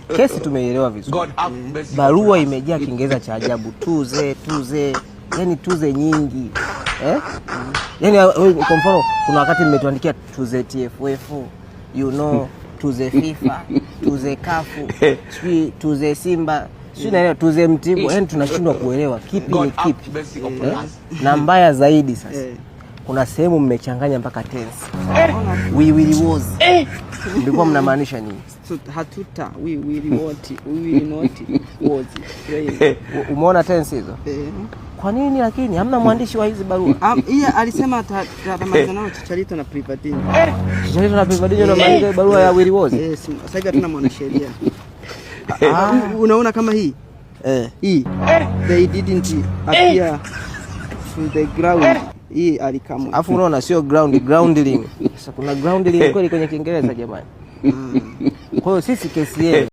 kesi tumeielewa vizuri, barua imejaa Kiingereza cha ajabu, tuze tuze, yani tuze nyingi eh? Yani eh, kwa mfano kuna wakati nimetuandikia tuze TFF, you know, tuze FIFA, tuze kafu sijui tuze Simba sijui naelewa tuze Mtibwa, yani tunashindwa kuelewa kipi ni kipi eh? na mbaya zaidi sasa eh. kuna sehemu mmechanganya mpaka tense. Eh. We will was. mlikuwa mnamaanisha nini? Hatuta we will not we will not was eh, umeona tense hizo eh. Kwa nini lakini hamna mwandishi wa hizi barua? Ah, iya, alisema atamaliza nao Chicharito na Privadinho. Eh, Chicharito na Privadinho ndio maliza barua ya Willy Wozi. Yes, sasa hivi hatuna mwanasheria. Ah. Unaona kama hii eh, hii they didn't appear from the ground hii alikamwa. Alafu unaona sio ground groundling. Sasa kuna groundling kweli kwenye Kiingereza jamani. Mm. Kwa hiyo sisi kesi yetu